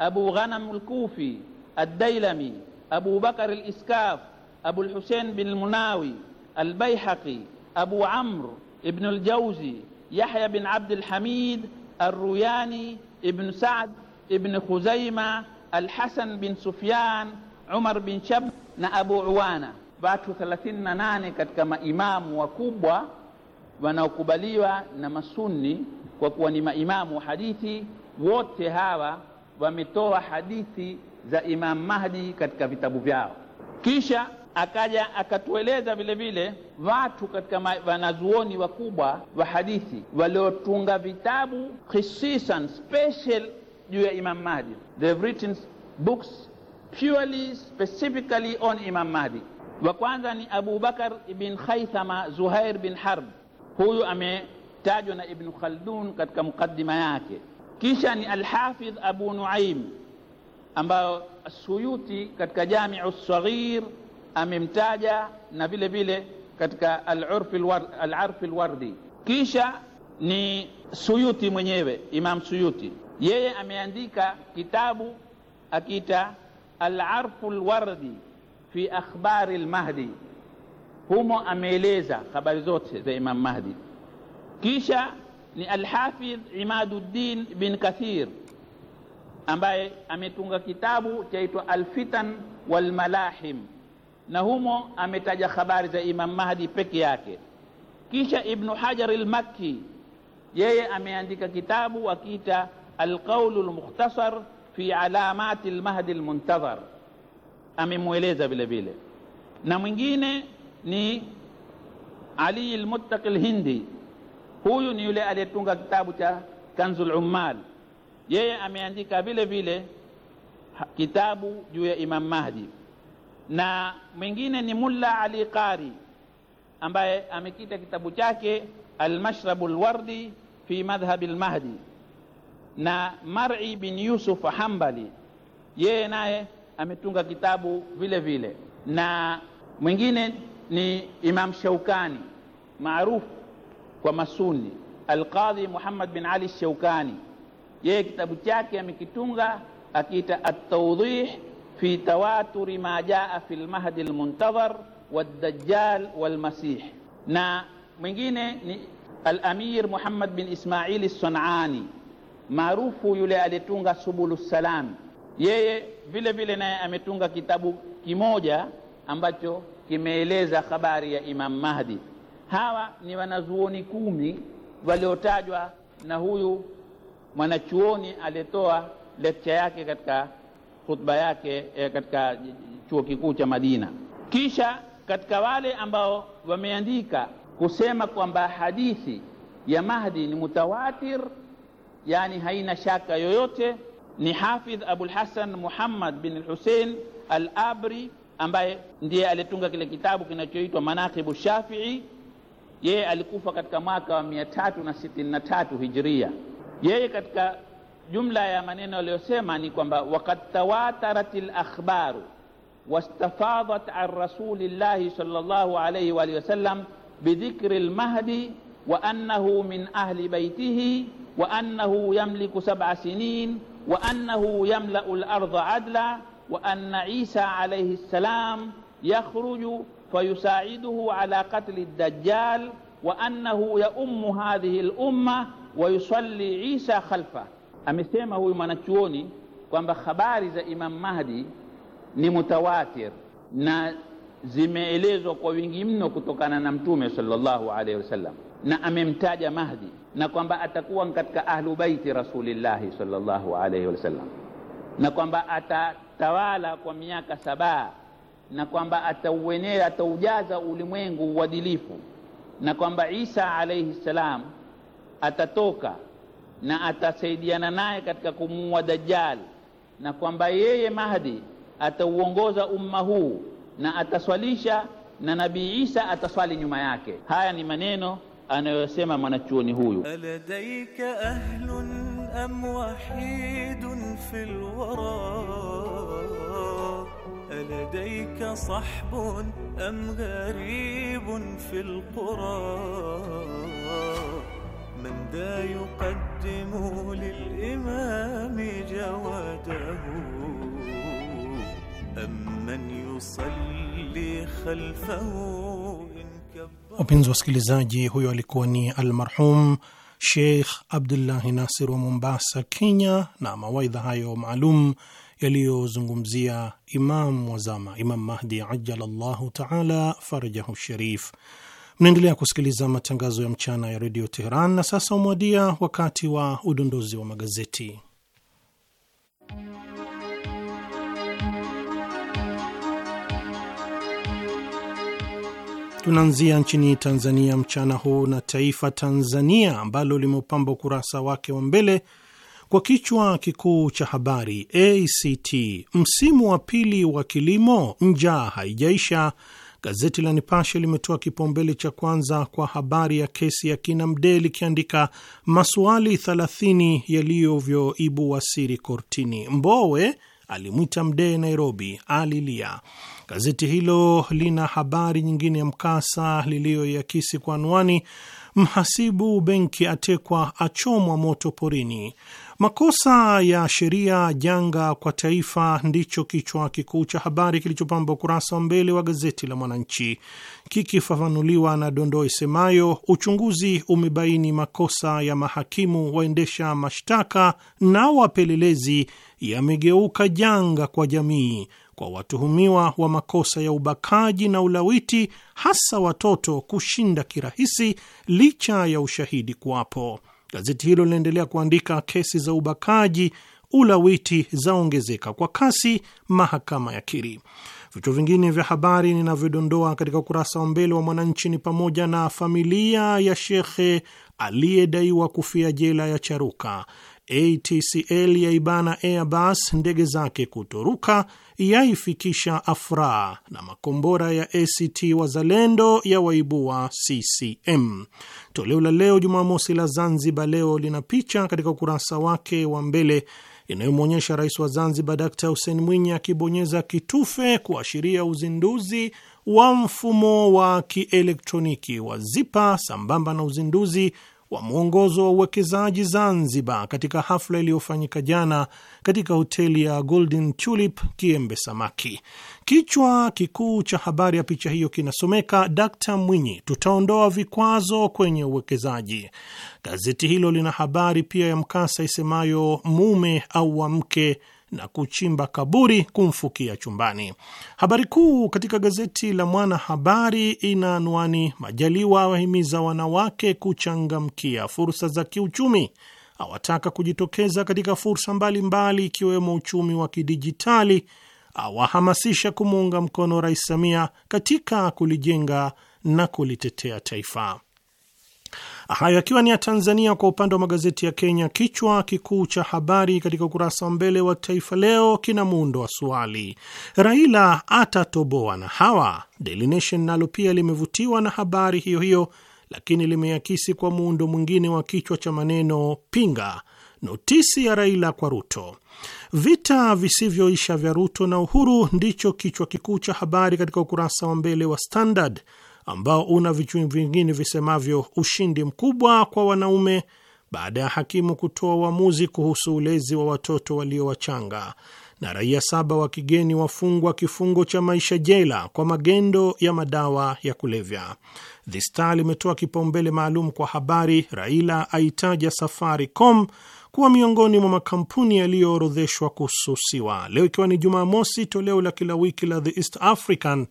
أبو غنم الكوفي الديلمي أبو بكر الإسكاف أبو الحسين بن المناوي البيحقي أبو عمرو ابن الجوزي يحيى بن عبد الحميد الروياني ابن سعد ابن خزيمة الحسن بن سفيان عمر بن شب na عوانة Uwana, ثلاثين نانك كما إمام wakubwa wanaokubaliwa na masunni kwa kuwa ni maimamu wa hadithi, wote hawa wametoa hadithi za Imam Mahdi katika vitabu vyao. Kisha akaja akatueleza vile vile watu katika wanazuoni wakubwa wa hadithi waliotunga vitabu khisisan special juu ya Imam Mahdi, they have written books purely specifically on Imam Mahdi. Wa kwanza ni Abu Bakar ibn Khaythama Zuhair bin Harb huyu ametajwa na Ibn Khaldun katika mukaddima yake. Kisha ni Alhafidh Abu Nuaim ambayo Suyuti katika Jamiu Saghir amemtaja na vile vile katika Alarfi Lwardi. Kisha ni Suyuti mwenyewe, Imam Suyuti, yeye ameandika kitabu akiita Alarfu Lwardi fi akhbari lmahdi humo ameeleza habari zote za Imam Mahdi. Kisha ni Alhafidh Imaduddin bin Kathir ambaye ametunga kitabu chaitwa Alfitan Walmalahim, na humo ametaja habari za Imam Mahdi peke yake. Kisha Ibnu Hajar Almakki yeye ameandika kitabu akiita Alqaulu Lmukhtasar fi Alamati Lmahdi Lmuntadhar, amemweleza vile vile, na mwingine ni Ali al-Muttaq al-Hindi. Huyu ni yule aliyetunga kitabu cha Kanzul Ummal. Yeye ameandika vile vile kitabu juu ya Imam Mahdi, na mwingine ni Mulla Ali Qari ambaye amekita kitabu chake Almashrabu lwardi fi madhhabi lmahdi, na Mar'i bin Yusuf Hambali, yeye naye ametunga kitabu vile vile, na mwingine ni Imam Shaukani maarufu kwa Masuni, Alqadhi Muhammad bin Ali Shaukani. Yeye kitabu chake amekitunga akiita At-Tawdih fi tawaturi ma jaa fi lmahdi lmuntadhar waddajjal walmasih, na mwingine ni alamir Muhammad bin ismail Sanani maarufu yule alitunga Subulu Salam. Yeye vile vile naye ametunga kitabu kimoja ambacho kimeeleza habari ya Imam Mahdi. Hawa ni wanazuoni kumi waliotajwa na huyu mwanachuoni aliyetoa lecture yake katika khutba yake e, katika chuo kikuu cha Madina. Kisha katika wale ambao wameandika kusema kwamba hadithi ya Mahdi ni mutawatir, yani haina shaka yoyote, ni Hafidh Abul Hasan Muhammad bin Hussein al-Abri ambaye ndiye alitunga kile kitabu kinachoitwa Manaqibu Shafii. Yeye alikufa katika mwaka wa mia tatu na sitini na tatu Hijria. Yeye katika jumla ya maneno aliyosema ni kwamba waqad tawatarat lakhbaru wastafadhat an rasulillahi sallallahu alayhi wa alihi wasallam bidhikri lmahdi wa annahu min ahli baitihi wa annahu yamliku sab'a sinin wa annahu yamlau lardha adla wa anna Isa alayhi salam yakhruju fayusaiduhu ala qatli dajjal wa annahu yaummu hadhihi lumma wa yusalli Isa khalfa. Amesema huyu mwanachuoni kwamba habari za Imam Mahdi ni mutawatir na zimeelezwa kwa wingi mno kutokana na Mtume sallallahu alaihi wasallam, na amemtaja Mahdi na kwamba atakuwa katika ahlu baiti rasulillahi sallallahu alaihi wasallam, na kwamba ata atatawala kwa miaka sabaa na kwamba atauenea ataujaza ulimwengu uadilifu na kwamba Isa alaihi salam atatoka na atasaidiana naye katika kumuua Dajjal na kwamba yeye Mahdi atauongoza umma huu na ataswalisha na Nabii Isa ataswali nyuma yake. Haya ni maneno anayosema mwanachuoni huyu. ahlun am wahidun fil wara ألديك صحب أم غريب في القرى من ذا يقدم للإمام جواده أم من يصلي خلفه Wapenzi wasikilizaji, huyo alikuwa ni almarhum Sheikh Abdullahi Nasir wa Mombasa, Kenya, na mawaidha hayo maalum yaliyozungumzia Imam wazama Imam Mahdi ajalallahu taala farajahu sharif. Mnaendelea kusikiliza matangazo ya mchana ya redio Teheran, na sasa umewadia wakati wa udondozi wa magazeti. Tunaanzia nchini Tanzania mchana huu na Taifa Tanzania ambalo limeupamba ukurasa wake wa mbele kwa kichwa kikuu cha habari ACT msimu wa pili wa kilimo, njaa haijaisha. Gazeti la Nipashe limetoa kipaumbele cha kwanza kwa habari ya kesi ya kina Mdee likiandika maswali 30 yaliyovyoibu wasiri kortini. Mbowe alimwita Mdee Nairobi, alilia. Gazeti hilo lina habari nyingine ya mkasa liliyoiakisi kwa anwani mhasibu benki atekwa achomwa moto porini. Makosa ya sheria janga kwa taifa ndicho kichwa kikuu cha habari kilichopamba ukurasa wa mbele wa gazeti la Mwananchi, kikifafanuliwa na dondoo isemayo uchunguzi umebaini makosa ya mahakimu, waendesha mashtaka na wapelelezi yamegeuka janga kwa jamii kwa watuhumiwa wa makosa ya ubakaji na ulawiti, hasa watoto kushinda kirahisi licha ya ushahidi kuwapo. Gazeti hilo linaendelea kuandika, kesi za ubakaji, ulawiti zaongezeka kwa kasi, mahakama ya kiri. Vichwa vingine vya habari ninavyodondoa katika ukurasa wa mbele wa Mwananchi ni pamoja na familia ya shekhe aliyedaiwa kufia jela ya charuka ATCL ya ibana Airbus ndege zake kutoruka yaifikisha Afra na makombora ya ACT Wazalendo ya waibua CCM. Toleo la leo Jumamosi la Zanzibar Leo lina picha katika ukurasa wake wa mbele inayomwonyesha rais wa Zanzibar Dakta Hussein Mwinyi akibonyeza kitufe kuashiria uzinduzi wa mfumo wa kielektroniki wa ZIPA sambamba na uzinduzi wa mwongozo wa uwekezaji Zanzibar katika hafla iliyofanyika jana katika hoteli ya Golden Tulip Kiembe Samaki. Kichwa kikuu cha habari ya picha hiyo kinasomeka Dkt Mwinyi, tutaondoa vikwazo kwenye uwekezaji. Gazeti hilo lina habari pia ya mkasa isemayo mume au wa mke na kuchimba kaburi kumfukia chumbani. Habari kuu katika gazeti la Mwanahabari ina anwani Majaliwa awahimiza wanawake kuchangamkia fursa za kiuchumi, awataka kujitokeza katika fursa mbalimbali ikiwemo uchumi wa kidijitali, awahamasisha kumuunga mkono Rais Samia katika kulijenga na kulitetea taifa. Hayo akiwa ni ya Tanzania. Kwa upande wa magazeti ya Kenya, kichwa kikuu cha habari katika ukurasa wa mbele wa Taifa Leo kina muundo wa swali, Raila atatoboa na hawa. Daily Nation nalo pia limevutiwa na habari hiyo hiyo, lakini limeakisi kwa muundo mwingine wa kichwa cha maneno, pinga notisi ya Raila kwa Ruto. Vita visivyoisha vya Ruto na Uhuru ndicho kichwa kikuu cha habari katika ukurasa wa mbele wa Standard ambao una vichwa vingine visemavyo ushindi mkubwa kwa wanaume baada ya hakimu kutoa uamuzi kuhusu ulezi wa watoto walio wachanga, na raia saba wa kigeni wafungwa kifungo cha maisha jela kwa magendo ya madawa ya kulevya. The Star limetoa kipaumbele maalum kwa habari Raila aitaja Safaricom kuwa miongoni mwa makampuni yaliyoorodheshwa kususiwa. Leo ikiwa ni Jumamosi, toleo la kila wiki la The East African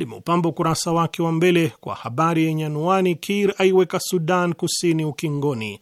limeupamba ukurasa wake wa mbele kwa habari yenye anuani Kir aiweka Sudan Kusini ukingoni.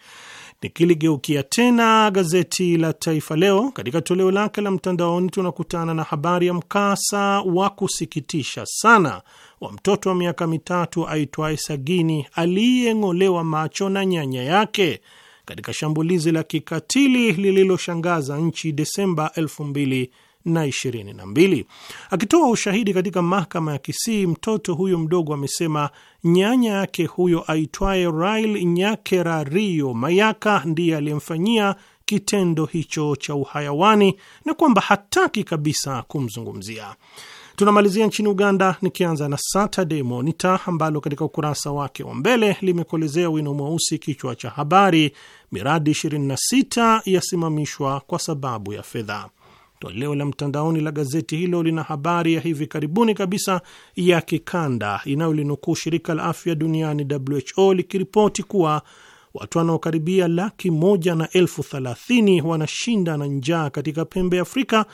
Nikiligeukia tena gazeti la Taifa Leo katika toleo lake la mtandaoni, tunakutana na habari ya mkasa wa kusikitisha sana wa mtoto wa miaka mitatu aitwaye Sagini aliyeng'olewa macho na nyanya yake katika shambulizi la kikatili lililoshangaza nchi Desemba 2000 na mbili. Akitoa ushahidi katika mahakama ya Kisii, mtoto huyo mdogo amesema nyanya yake huyo aitwaye Rail nyakera rio Mayaka ndiye aliyemfanyia kitendo hicho cha uhayawani na kwamba hataki kabisa kumzungumzia. Tunamalizia nchini Uganda, nikianza na Saturday Monitor ambalo katika ukurasa wake wa mbele limekolezea wino mweusi kichwa cha habari, miradi 26 yasimamishwa kwa sababu ya fedha. Toleo la mtandaoni la gazeti hilo lina habari ya hivi karibuni kabisa ya kikanda inayolinukuu shirika la afya duniani WHO likiripoti kuwa watu wanaokaribia laki moja na elfu thelathini wanashinda na njaa katika pembe ya Afrika,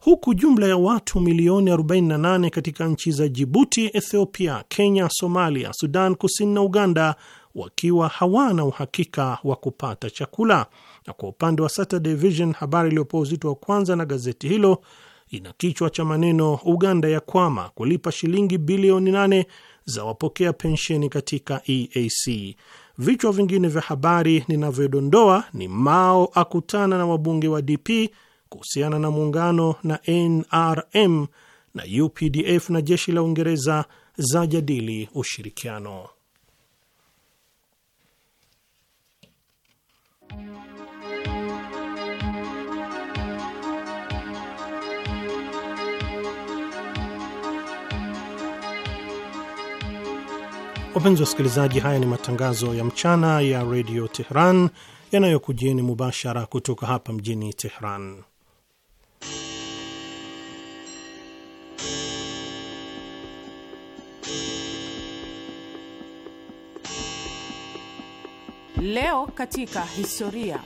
huku jumla ya watu milioni 48 katika nchi za Jibuti, Ethiopia, Kenya, Somalia, Sudan Kusini na Uganda wakiwa hawana uhakika wa kupata chakula. Na kwa upande wa Saturday Vision, habari iliyopewa uzito wa kwanza na gazeti hilo ina kichwa cha maneno Uganda ya kwama kulipa shilingi bilioni nane za wapokea pensheni katika EAC. Vichwa vingine vya habari ninavyodondoa ni Mao akutana na wabunge wa DP kuhusiana na muungano na NRM na UPDF na jeshi la Uingereza za jadili ushirikiano. Wapenzi wasikilizaji, haya ni matangazo ya mchana ya redio Tehran yanayokujieni mubashara kutoka hapa mjini Tehran. Leo katika historia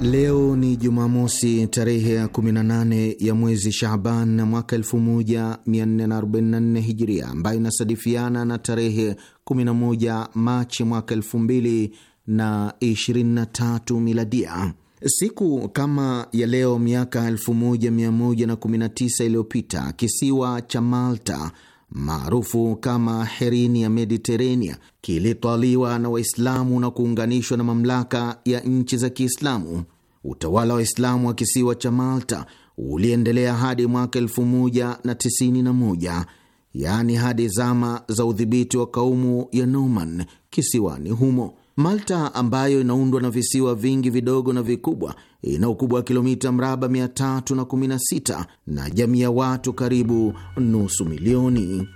Leo ni Jumamosi, tarehe ya 18 ya mwezi Shaban mwaka 1444 Hijiria, ambayo inasadifiana na tarehe 11 Machi mwaka 2023 Miladia. Siku kama ya leo miaka 1119 iliyopita, kisiwa cha Malta maarufu kama herini ya Mediterania kilitwaliwa na Waislamu na kuunganishwa na mamlaka ya nchi za Kiislamu. Utawala wa Waislamu wa kisiwa cha Malta uliendelea hadi mwaka 1091 yaani hadi zama za udhibiti wa kaumu ya Norman kisiwani humo. Malta ambayo inaundwa na visiwa vingi vidogo na vikubwa ina ukubwa wa kilomita mraba 316 na jamii ya watu karibu nusu milioni.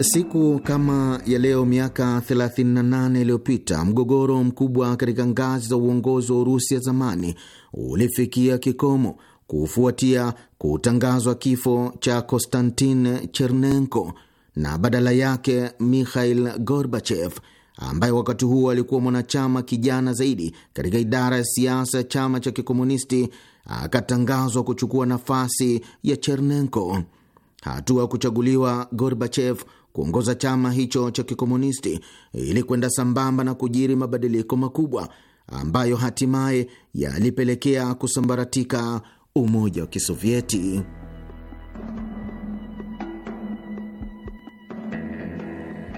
Siku kama ya leo miaka 38 iliyopita mgogoro mkubwa katika ngazi za uongozi wa Urusi ya zamani ulifikia kikomo kufuatia kutangazwa kifo cha Konstantin Chernenko na badala yake Mikhail Gorbachev ambaye wakati huo alikuwa mwanachama kijana zaidi katika idara ya siasa ya chama cha Kikomunisti akatangazwa kuchukua nafasi ya Chernenko. Hatua ya kuchaguliwa Gorbachev kuongoza chama hicho cha Kikomunisti ili kwenda sambamba na kujiri mabadiliko makubwa ambayo hatimaye yalipelekea kusambaratika umoja wa Kisovieti.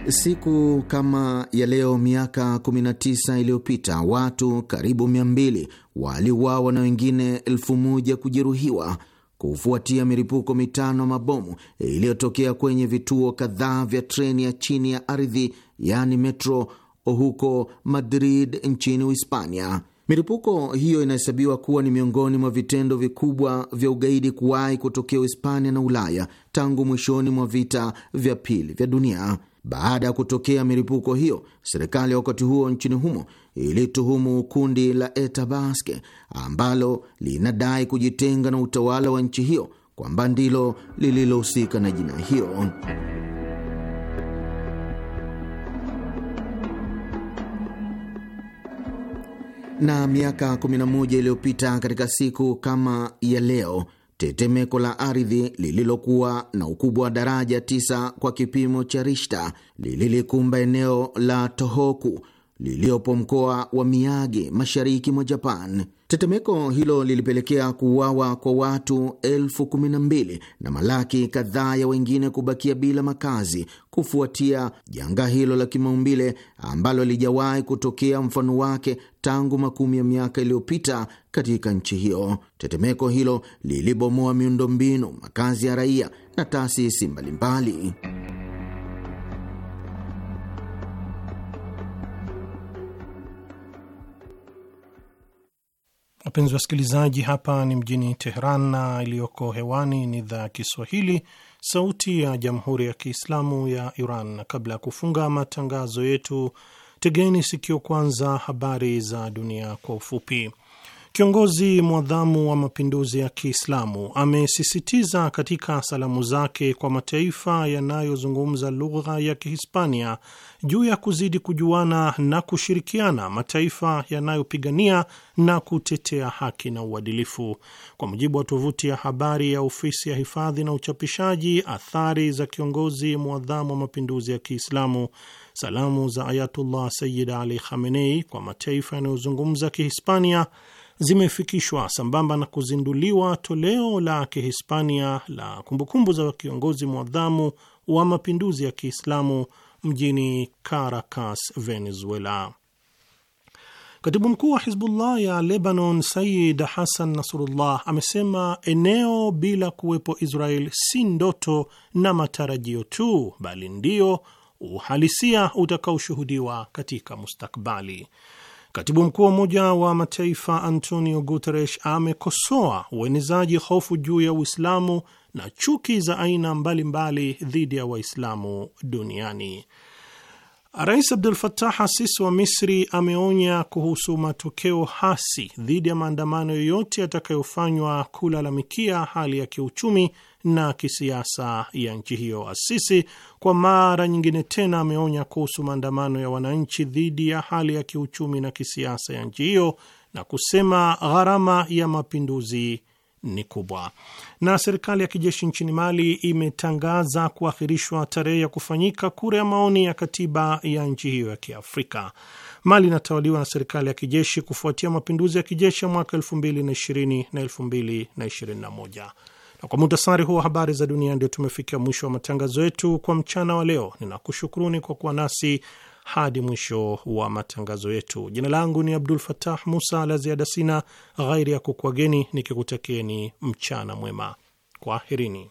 Siku kama ya leo miaka 19 iliyopita watu karibu 200 waliuawa na wengine elfu moja kujeruhiwa kufuatia milipuko mitano mabomu iliyotokea kwenye vituo kadhaa vya treni ya chini ya ardhi, yaani metro, huko Madrid nchini Uhispania. Milipuko hiyo inahesabiwa kuwa ni miongoni mwa vitendo vikubwa vya ugaidi kuwahi kutokea Hispania na Ulaya tangu mwishoni mwa vita vya pili vya dunia. Baada ya kutokea milipuko hiyo, serikali ya wakati huo nchini humo ilituhumu kundi la ETA Baske ambalo linadai kujitenga na utawala wa nchi hiyo kwamba ndilo lililohusika na jinai hiyo. Na miaka 11 iliyopita katika siku kama ya leo, tetemeko la ardhi lililokuwa na ukubwa wa daraja 9 kwa kipimo cha Rishta lililikumba eneo la Tohoku liliopo mkoa wa Miyagi mashariki mwa Japan. Tetemeko hilo lilipelekea kuuawa kwa watu elfu kumi na mbili na malaki kadhaa ya wengine kubakia bila makazi kufuatia janga hilo la kimaumbile ambalo lijawahi kutokea mfano wake tangu makumi ya miaka iliyopita katika nchi hiyo. Tetemeko hilo lilibomoa miundombinu, makazi ya raia na taasisi mbalimbali. Wapenzi wasikilizaji, hapa ni mjini Teheran na iliyoko hewani ni idhaa ya Kiswahili, Sauti ya Jamhuri ya Kiislamu ya Iran. Na kabla ya kufunga matangazo yetu, tegeni sikio kwanza habari za dunia kwa ufupi. Kiongozi mwadhamu wa mapinduzi ya Kiislamu amesisitiza katika salamu zake kwa mataifa yanayozungumza lugha ya Kihispania juu ya kuzidi kujuana na kushirikiana mataifa yanayopigania na kutetea haki na uadilifu. Kwa mujibu wa tovuti ya habari ya ofisi ya hifadhi na uchapishaji athari za kiongozi mwadhamu wa mapinduzi ya Kiislamu, salamu za Ayatullah Sayyid Ali Khamenei kwa mataifa yanayozungumza Kihispania zimefikishwa sambamba na kuzinduliwa toleo la Kihispania la kumbukumbu za kiongozi mwadhamu wa mapinduzi ya Kiislamu mjini Caracas, Venezuela. Katibu mkuu wa Hizbullah ya Lebanon Sayid Hasan Nasrullah amesema eneo bila kuwepo Israel si ndoto na matarajio tu, bali ndio uhalisia utakaoshuhudiwa katika mustakbali. Katibu mkuu wa Umoja wa Mataifa Antonio Guterres amekosoa uenezaji hofu juu ya Uislamu na chuki za aina mbalimbali dhidi ya Waislamu duniani. Rais Abdul Fatah Asisi wa Misri ameonya kuhusu matokeo hasi dhidi ya maandamano yoyote yatakayofanywa kulalamikia hali ya kiuchumi na kisiasa ya nchi hiyo. Asisi kwa mara nyingine tena ameonya kuhusu maandamano ya wananchi dhidi ya hali ya kiuchumi na kisiasa ya nchi hiyo na kusema gharama ya mapinduzi ni kubwa. Na serikali ya kijeshi nchini Mali imetangaza kuahirishwa tarehe ya kufanyika kura ya maoni ya katiba ya nchi hiyo ya Kiafrika. Mali inatawaliwa na serikali ya kijeshi kufuatia mapinduzi ya kijeshi ya mwaka 2020 na 2021. Na kwa muhtasari huo habari za dunia, ndio tumefikia mwisho wa matangazo yetu kwa mchana wa leo. Ninakushukuruni kwa kuwa nasi hadi mwisho wa matangazo yetu. Jina langu ni Abdul Fatah Musa. La ziada sina ghairi ya kukwageni nikikutakieni mchana mwema, kwaherini.